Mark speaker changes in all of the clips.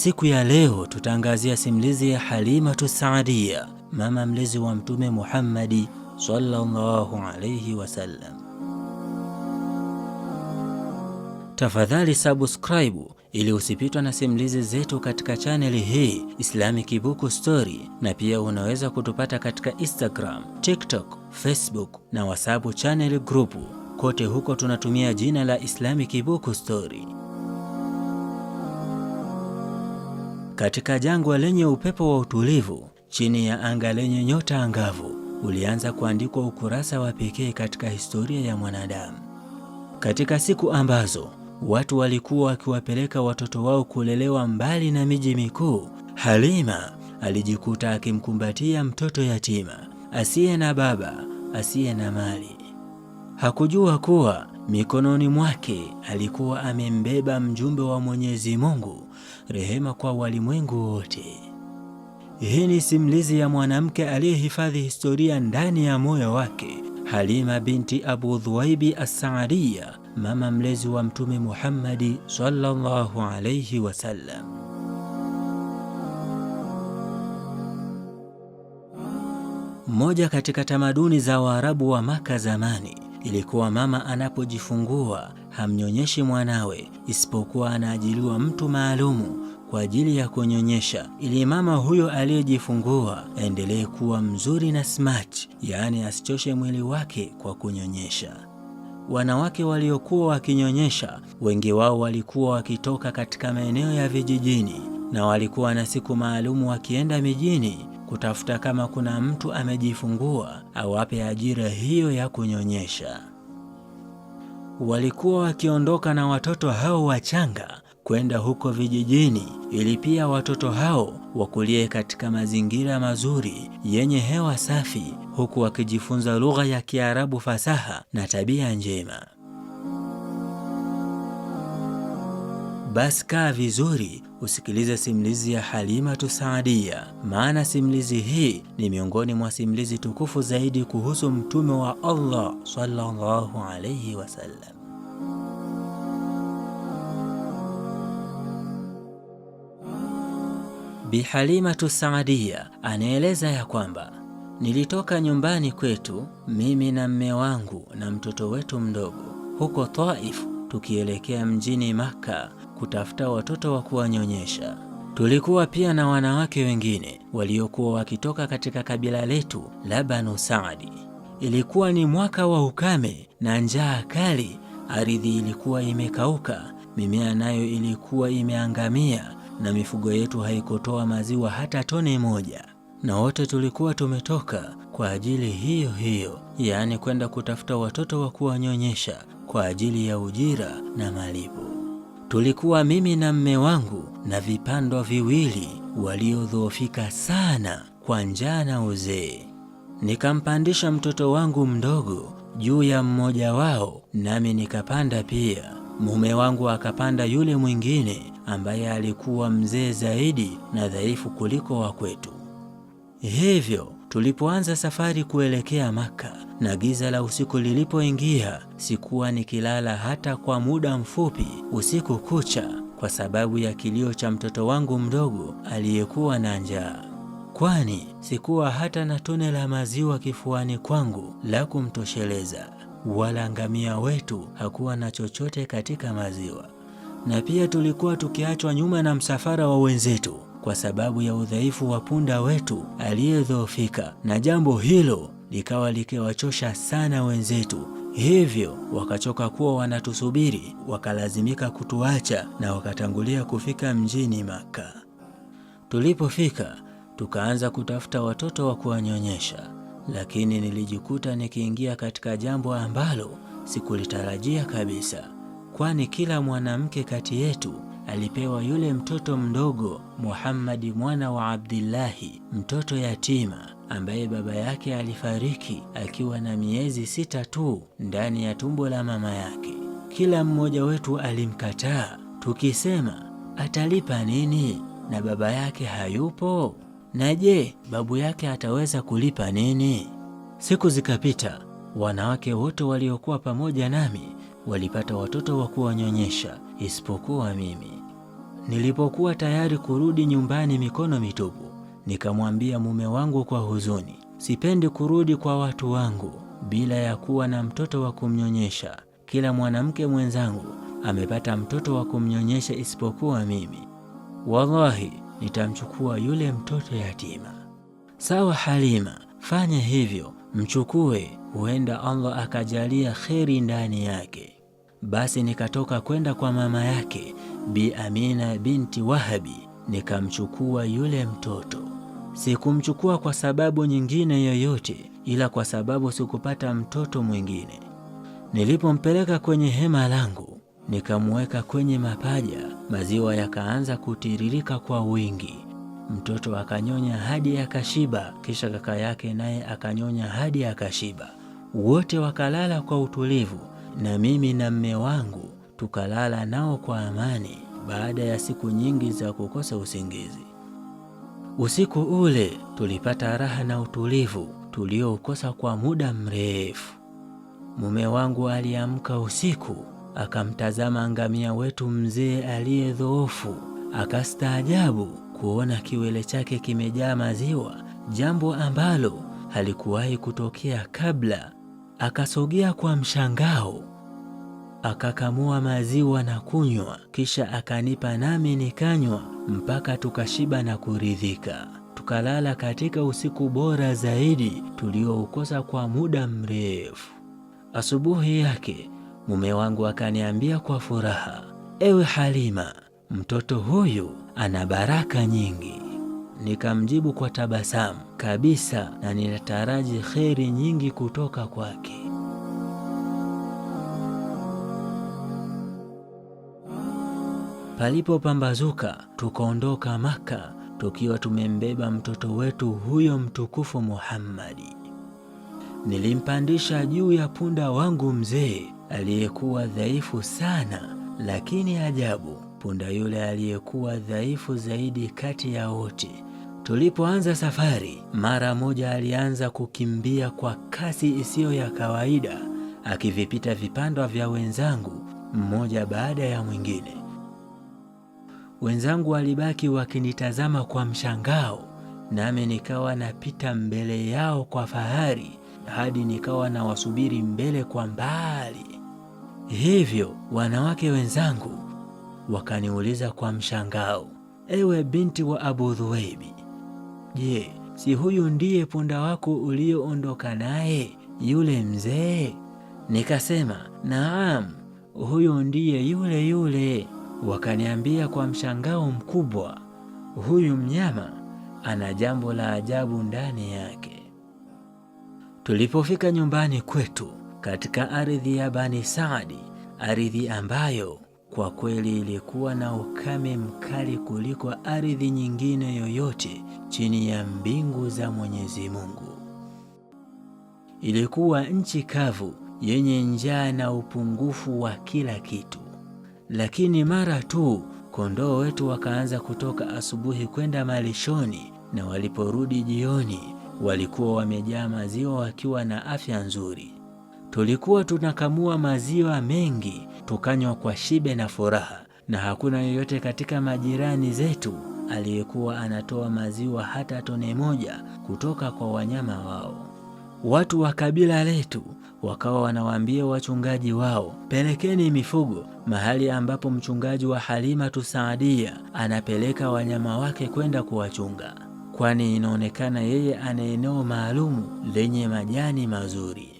Speaker 1: Siku ya leo tutaangazia simulizi ya Halimatu Saadia, mama mlezi wa Mtume Muhammadi sallallahu alayhi wasallam. Tafadhali subscribe ili usipitwa na simulizi zetu katika chaneli hii Islamic Book Story, na pia unaweza kutupata katika Instagram, TikTok, Facebook na WhatsApp channel group. Kote huko tunatumia jina la Islamic Book Story. Katika jangwa lenye upepo wa utulivu, chini ya anga lenye nyota angavu, ulianza kuandikwa ukurasa wa pekee katika historia ya mwanadamu. Katika siku ambazo watu walikuwa wakiwapeleka watoto wao kulelewa mbali na miji mikuu, Halima alijikuta akimkumbatia mtoto yatima asiye na baba, asiye na mali. Hakujua kuwa Mikononi mwake alikuwa amembeba mjumbe wa Mwenyezi Mungu, rehema kwa walimwengu wote. Hii ni simulizi ya mwanamke aliyehifadhi historia ndani ya moyo wake, Halima binti Abu Dhuwaibi as mama mlezi wa Mtume Muhammadi sallallahu alayhi wasallam. Moja katika tamaduni za Waarabu wa Maka zamani ilikuwa mama anapojifungua hamnyonyeshi mwanawe, isipokuwa anaajiriwa mtu maalumu kwa ajili ya kunyonyesha, ili mama huyo aliyejifungua aendelee kuwa mzuri na smart, yaani asichoshe mwili wake kwa kunyonyesha. Wanawake waliokuwa wakinyonyesha wengi wao walikuwa wakitoka katika maeneo ya vijijini na walikuwa na siku maalumu wakienda mijini kutafuta kama kuna mtu amejifungua awape ajira hiyo ya kunyonyesha. Walikuwa wakiondoka na watoto hao wachanga kwenda huko vijijini ili pia watoto hao wakulie katika mazingira mazuri yenye hewa safi, huku wakijifunza lugha ya Kiarabu fasaha na tabia njema. basi kaa vizuri usikilize simulizi ya Halima Tusaadia, maana simulizi hii ni miongoni mwa simulizi tukufu zaidi kuhusu mtume wa Allah sallallahu alayhi wasallam. Bi Halima Tusaadia anaeleza ya kwamba nilitoka nyumbani kwetu mimi na mme wangu na mtoto wetu mdogo huko Taif tukielekea mjini Makka kutafuta watoto wa kuwanyonyesha. Tulikuwa pia na wanawake wengine waliokuwa wakitoka katika kabila letu la Banu Saadi. Ilikuwa ni mwaka wa ukame na njaa kali, ardhi ilikuwa imekauka, mimea nayo ilikuwa imeangamia, na mifugo yetu haikutoa maziwa hata tone moja, na wote tulikuwa tumetoka kwa ajili hiyo hiyo, yaani kwenda kutafuta watoto wa kuwanyonyesha kwa ajili ya ujira na malipo tulikuwa mimi na mme wangu na vipandwa viwili waliodhoofika sana kwa njaa na uzee. Nikampandisha mtoto wangu mdogo juu ya mmoja wao, nami nikapanda pia. Mume wangu akapanda yule mwingine ambaye alikuwa mzee zaidi na dhaifu kuliko wa kwetu. Hivyo tulipoanza safari kuelekea Maka, na giza la usiku lilipoingia, sikuwa nikilala hata kwa muda mfupi usiku kucha, kwa sababu ya kilio cha mtoto wangu mdogo aliyekuwa na njaa, kwani sikuwa hata na tone la maziwa kifuani kwangu la kumtosheleza, wala ngamia wetu hakuwa na chochote katika maziwa, na pia tulikuwa tukiachwa nyuma na msafara wa wenzetu kwa sababu ya udhaifu wa punda wetu aliyedhoofika, na jambo hilo likawa likiwachosha sana wenzetu, hivyo wakachoka kuwa wanatusubiri, wakalazimika kutuacha na wakatangulia kufika mjini Maka. Tulipofika tukaanza kutafuta watoto wa kuwanyonyesha, lakini nilijikuta nikiingia katika jambo ambalo sikulitarajia kabisa, kwani kila mwanamke kati yetu alipewa yule mtoto mdogo Muhammadi mwana wa Abdillahi, mtoto yatima ambaye baba yake alifariki akiwa na miezi sita tu ndani ya tumbo la mama yake. Kila mmoja wetu alimkataa tukisema, atalipa nini na baba yake hayupo? Na je, babu yake ataweza kulipa nini? Siku zikapita, wanawake wote waliokuwa pamoja nami walipata watoto wa kuwanyonyesha isipokuwa mimi. Nilipokuwa tayari kurudi nyumbani mikono mitupu Nikamwambia mume wangu kwa huzuni, sipendi kurudi kwa watu wangu bila ya kuwa na mtoto wa kumnyonyesha. Kila mwanamke mwenzangu amepata mtoto wa kumnyonyesha isipokuwa mimi. Wallahi nitamchukua yule mtoto yatima. Sawa Halima, fanya hivyo, mchukue, huenda Allah akajalia kheri ndani yake. Basi nikatoka kwenda kwa mama yake Bi Amina binti Wahabi, nikamchukua yule mtoto. Sikumchukua kwa sababu nyingine yoyote, ila kwa sababu sikupata mtoto mwingine. Nilipompeleka kwenye hema langu, nikamweka kwenye mapaja, maziwa yakaanza kutiririka kwa wingi. Mtoto akanyonya hadi akashiba, kisha kaka yake naye akanyonya hadi akashiba. Wote wakalala kwa utulivu, na mimi na mme wangu tukalala nao kwa amani, baada ya siku nyingi za kukosa usingizi. Usiku ule tulipata raha na utulivu tulioukosa kwa muda mrefu. Mume wangu aliamka usiku, akamtazama ngamia wetu mzee aliyedhoofu, akastaajabu kuona kiwele chake kimejaa maziwa, jambo ambalo halikuwahi kutokea kabla. Akasogea kwa mshangao akakamua maziwa na kunywa, kisha akanipa nami nikanywa mpaka tukashiba na kuridhika. Tukalala katika usiku bora zaidi tulioukosa kwa muda mrefu. Asubuhi yake mume wangu akaniambia kwa furaha, ewe Halima, mtoto huyu ana baraka nyingi. Nikamjibu kwa tabasamu kabisa, na ninataraji kheri nyingi kutoka kwake. Palipopambazuka tukaondoka Maka tukiwa tumembeba mtoto wetu huyo mtukufu Muhammadi. Nilimpandisha juu ya punda wangu mzee aliyekuwa dhaifu sana, lakini ajabu, punda yule aliyekuwa dhaifu zaidi kati ya wote Tulipoanza safari, mara moja alianza kukimbia kwa kasi isiyo ya kawaida, akivipita vipandwa vya wenzangu mmoja baada ya mwingine. Wenzangu walibaki wakinitazama kwa mshangao, nami nikawa napita mbele yao kwa fahari hadi nikawa na wasubiri mbele kwa mbali. Hivyo wanawake wenzangu wakaniuliza kwa mshangao, ewe binti wa Abu Dhuweibi, je, si huyu ndiye punda wako ulioondoka naye yule mzee? Nikasema, naam, huyu ndiye yule yule. Wakaniambia kwa mshangao mkubwa, huyu mnyama ana jambo la ajabu ndani yake. Tulipofika nyumbani kwetu katika ardhi ya Bani Saadi, ardhi ambayo kwa kweli ilikuwa na ukame mkali kuliko ardhi nyingine yoyote chini ya mbingu za Mwenyezi Mungu. Ilikuwa nchi kavu yenye njaa na upungufu wa kila kitu. Lakini mara tu kondoo wetu wakaanza kutoka asubuhi kwenda malishoni, na waliporudi jioni walikuwa wamejaa maziwa wakiwa na afya nzuri. Tulikuwa tunakamua maziwa mengi tukanywa kwa shibe na furaha, na hakuna yoyote katika majirani zetu aliyekuwa anatoa maziwa hata tone moja kutoka kwa wanyama wao. Watu wa kabila letu wakawa wanawaambia wachungaji wao, pelekeni mifugo mahali ambapo mchungaji wa Halimatu Saadia anapeleka wanyama wake kwenda kuwachunga, kwani inaonekana yeye ana eneo maalumu lenye majani mazuri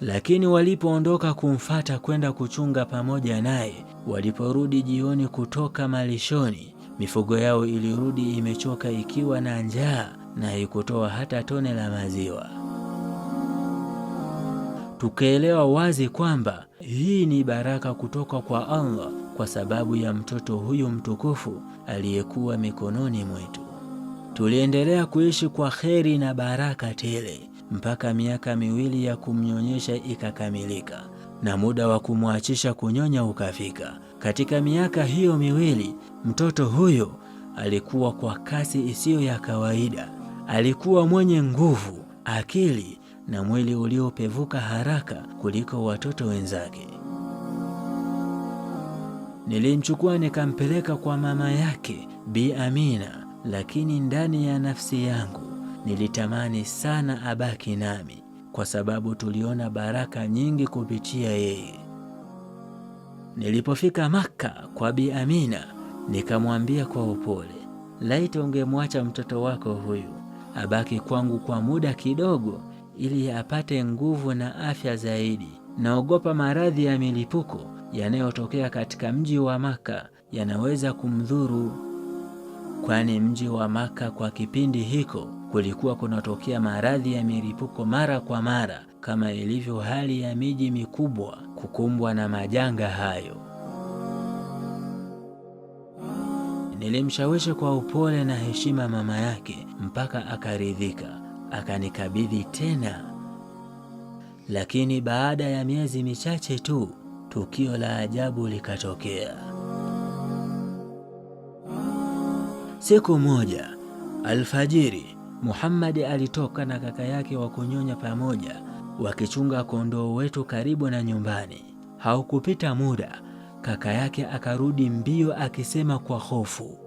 Speaker 1: lakini walipoondoka kumfata kwenda kuchunga pamoja naye, waliporudi jioni kutoka malishoni, mifugo yao ilirudi imechoka ikiwa na njaa na ikutoa hata tone la maziwa tukaelewa wazi kwamba hii ni baraka kutoka kwa Allah kwa sababu ya mtoto huyu mtukufu aliyekuwa mikononi mwetu. Tuliendelea kuishi kwa kheri na baraka tele mpaka miaka miwili ya kumnyonyesha ikakamilika na muda wa kumwachisha kunyonya ukafika. Katika miaka hiyo miwili, mtoto huyo alikuwa kwa kasi isiyo ya kawaida. Alikuwa mwenye nguvu, akili na mwili uliopevuka haraka kuliko watoto wenzake. Nilimchukua nikampeleka kwa mama yake Bi Amina, lakini ndani ya nafsi yangu nilitamani sana abaki nami kwa sababu tuliona baraka nyingi kupitia yeye. Nilipofika Makka kwa Bi Amina, nikamwambia kwa upole, laiti ungemwacha mtoto wako huyu abaki kwangu kwa muda kidogo, ili apate nguvu na afya zaidi. Naogopa maradhi ya milipuko yanayotokea katika mji wa Maka yanaweza kumdhuru, kwani mji wa Maka kwa kipindi hiko kulikuwa kunatokea maradhi ya milipuko mara kwa mara, kama ilivyo hali ya miji mikubwa kukumbwa na majanga hayo. Nilimshawishi kwa upole na heshima mama yake mpaka akaridhika akanikabidhi tena. Lakini baada ya miezi michache tu tukio la ajabu likatokea. Siku moja alfajiri, Muhammad alitoka na kaka yake wa kunyonya pamoja wakichunga kondoo wetu karibu na nyumbani. Haukupita muda, kaka yake akarudi mbio akisema kwa hofu,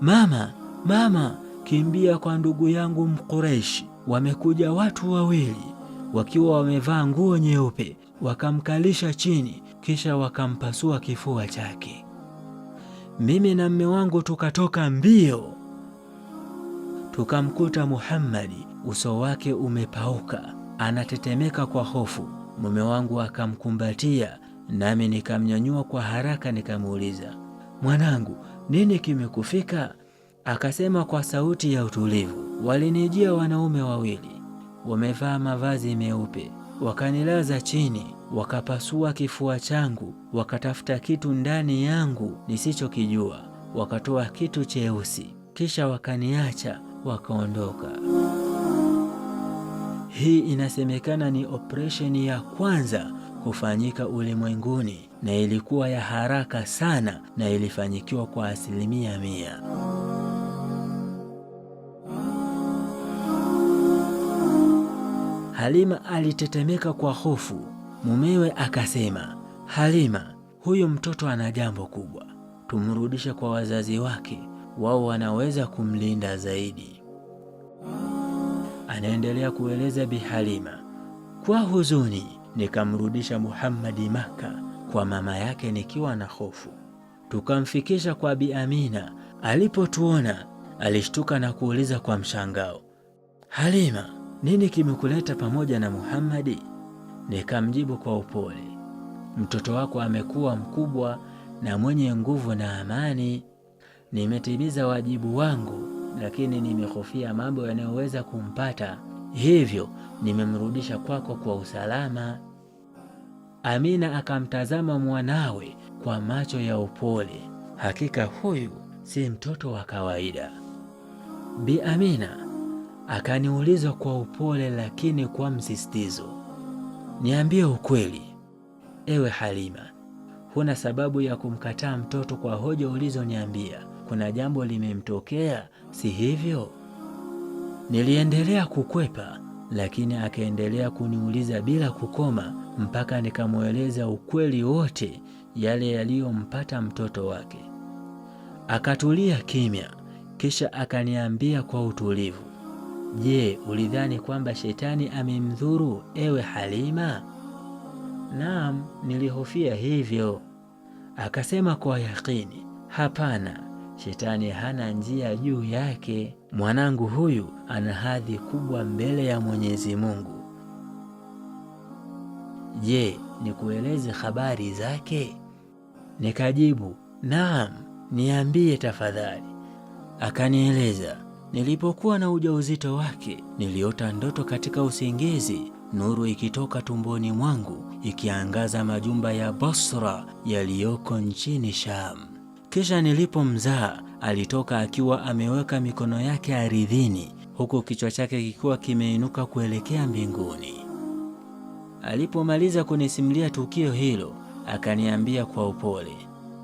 Speaker 1: mama, mama kukimbia kwa ndugu yangu Mkureshi, wamekuja watu wawili wakiwa wamevaa nguo nyeupe, wakamkalisha chini, kisha wakampasua kifua chake. Mimi na mme wangu tukatoka mbio, tukamkuta Muhammadi, uso wake umepauka, anatetemeka kwa hofu. Mume wangu akamkumbatia, nami nikamnyanyua kwa haraka, nikamuuliza mwanangu, nini kimekufika? Akasema kwa sauti ya utulivu, walinijia wanaume wawili wamevaa mavazi meupe, wakanilaza chini, wakapasua kifua changu, wakatafuta kitu ndani yangu nisichokijua, wakatoa kitu cheusi, kisha wakaniacha, wakaondoka. Hii inasemekana ni operesheni ya kwanza kufanyika ulimwenguni na ilikuwa ya haraka sana na ilifanyikiwa kwa asilimia mia. Halima alitetemeka kwa hofu. Mumewe akasema, Halima, huyu mtoto ana jambo kubwa, tumrudishe kwa wazazi wake, wao wanaweza kumlinda zaidi. Anaendelea kueleza Bi Halima, kwa huzuni nikamrudisha Muhammadi Makka kwa mama yake nikiwa na hofu. Tukamfikisha kwa Bi Amina, alipotuona alishtuka na kuuliza kwa mshangao, Halima nini kimekuleta pamoja na Muhammadi? Nikamjibu kwa upole, mtoto wako amekuwa mkubwa na mwenye nguvu na amani. Nimetimiza wajibu wangu, lakini nimehofia mambo yanayoweza kumpata, hivyo nimemrudisha kwako kwa usalama. Amina akamtazama mwanawe kwa macho ya upole. Hakika huyu si mtoto wa kawaida. Bi Amina Akaniuliza kwa upole lakini kwa msisitizo, niambie ukweli, ewe Halima, huna sababu ya kumkataa mtoto kwa hoja ulizoniambia. Kuna jambo limemtokea, si hivyo? Niliendelea kukwepa, lakini akaendelea kuniuliza bila kukoma mpaka nikamweleza ukweli wote, yale yaliyompata mtoto wake. Akatulia kimya, kisha akaniambia kwa utulivu, Je, ulidhani kwamba shetani amemdhuru ewe Halima? Naam, nilihofia hivyo. Akasema kwa yakini, hapana, shetani hana njia juu yake. Mwanangu huyu ana hadhi kubwa mbele ya Mwenyezi Mungu. Je, nikueleze habari zake? Nikajibu, naam, niambie tafadhali. Akanieleza Nilipokuwa na ujauzito wake, niliota ndoto katika usingizi, nuru ikitoka tumboni mwangu ikiangaza majumba ya Basra yaliyoko nchini Sham. Kisha nilipomzaa, alitoka akiwa ameweka mikono yake aridhini, huku kichwa chake kikiwa kimeinuka kuelekea mbinguni. Alipomaliza kunisimulia tukio hilo, akaniambia kwa upole,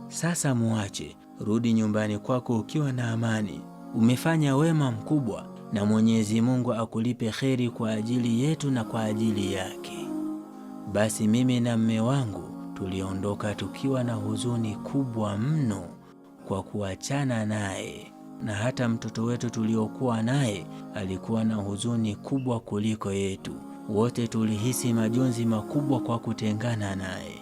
Speaker 1: sasa muache, rudi nyumbani kwako ukiwa na amani. Umefanya wema mkubwa, na Mwenyezi Mungu akulipe kheri kwa ajili yetu na kwa ajili yake. Basi mimi na mme wangu tuliondoka tukiwa na huzuni kubwa mno kwa kuachana naye, na hata mtoto wetu tuliokuwa naye alikuwa na huzuni kubwa kuliko yetu. Wote tulihisi majonzi makubwa kwa kutengana naye.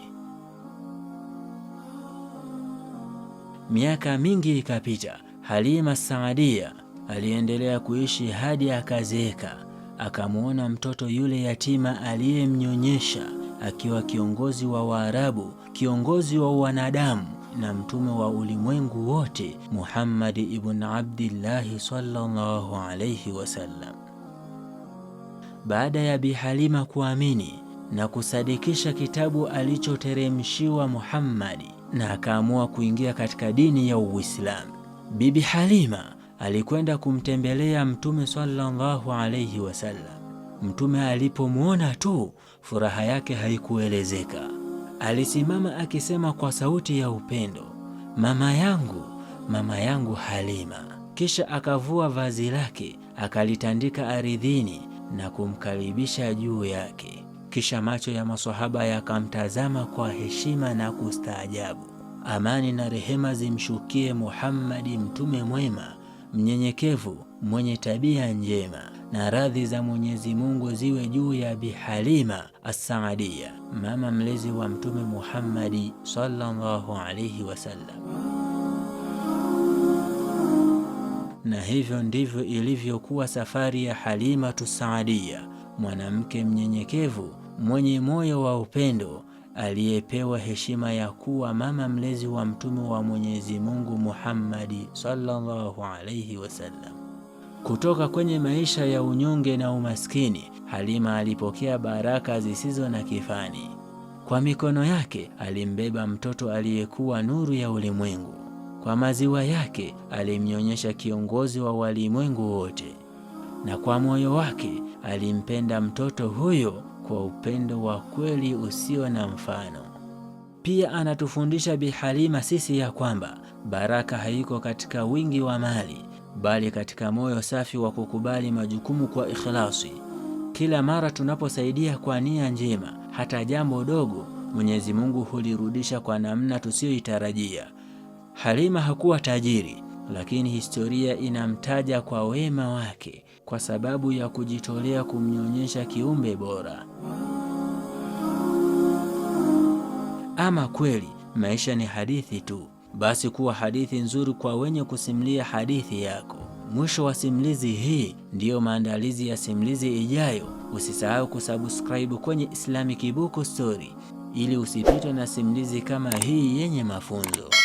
Speaker 1: Miaka mingi ikapita. Halima Saadia aliendelea kuishi hadi akazeeka, akamwona mtoto yule yatima aliyemnyonyesha akiwa kiongozi wa Waarabu, kiongozi wa wanadamu na mtume wa ulimwengu wote Muhammad ibn Abdillahi sallallahu alayhi wasallam. Baada ya Bi Halima kuamini na kusadikisha kitabu alichoteremshiwa Muhammad, na akaamua kuingia katika dini ya Uislamu. Bibi Halima alikwenda kumtembelea Mtume sallallahu alayhi wasallam. Mtume alipomwona tu furaha yake haikuelezeka. Alisimama akisema kwa sauti ya upendo, mama yangu, mama yangu Halima. Kisha akavua vazi lake akalitandika aridhini na kumkaribisha juu yake. Kisha macho ya maswahaba yakamtazama kwa heshima na kustaajabu. Amani na rehema zimshukie Muhammadi, mtume mwema, mnyenyekevu, mwenye tabia njema, na radhi za Mwenyezi Mungu ziwe juu ya Bihalima Assaadia, mama mlezi wa Mtume Muhammadi sallallahu alayhi wasallam. Na hivyo ndivyo ilivyokuwa safari ya Halimatu Saadia, mwanamke mnyenyekevu mwenye moyo wa upendo aliyepewa heshima ya kuwa mama mlezi wa mtume wa Mwenyezi Mungu Muhammadi sallallahu alayhi wasallam. Kutoka kwenye maisha ya unyonge na umaskini, Halima alipokea baraka zisizo na kifani. Kwa mikono yake alimbeba mtoto aliyekuwa nuru ya ulimwengu. Kwa maziwa yake alimnyonyesha kiongozi wa walimwengu wote. Na kwa moyo wake alimpenda mtoto huyo kwa upendo wa kweli usio na mfano. Pia anatufundisha Bi Halima sisi ya kwamba baraka haiko katika wingi wa mali, bali katika moyo safi wa kukubali majukumu kwa ikhlasi. Kila mara tunaposaidia kwa nia njema, hata jambo dogo, Mwenyezi Mungu hulirudisha kwa namna tusiyoitarajia. Halima hakuwa tajiri lakini historia inamtaja kwa wema wake kwa sababu ya kujitolea kumnyonyesha kiumbe bora. Ama kweli maisha ni hadithi tu, basi kuwa hadithi nzuri kwa wenye kusimulia hadithi yako. Mwisho wa simulizi hii ndiyo maandalizi ya simulizi ijayo. Usisahau kusubscribe kwenye Islamic Book Story ili usipitwe na simulizi kama hii yenye mafunzo.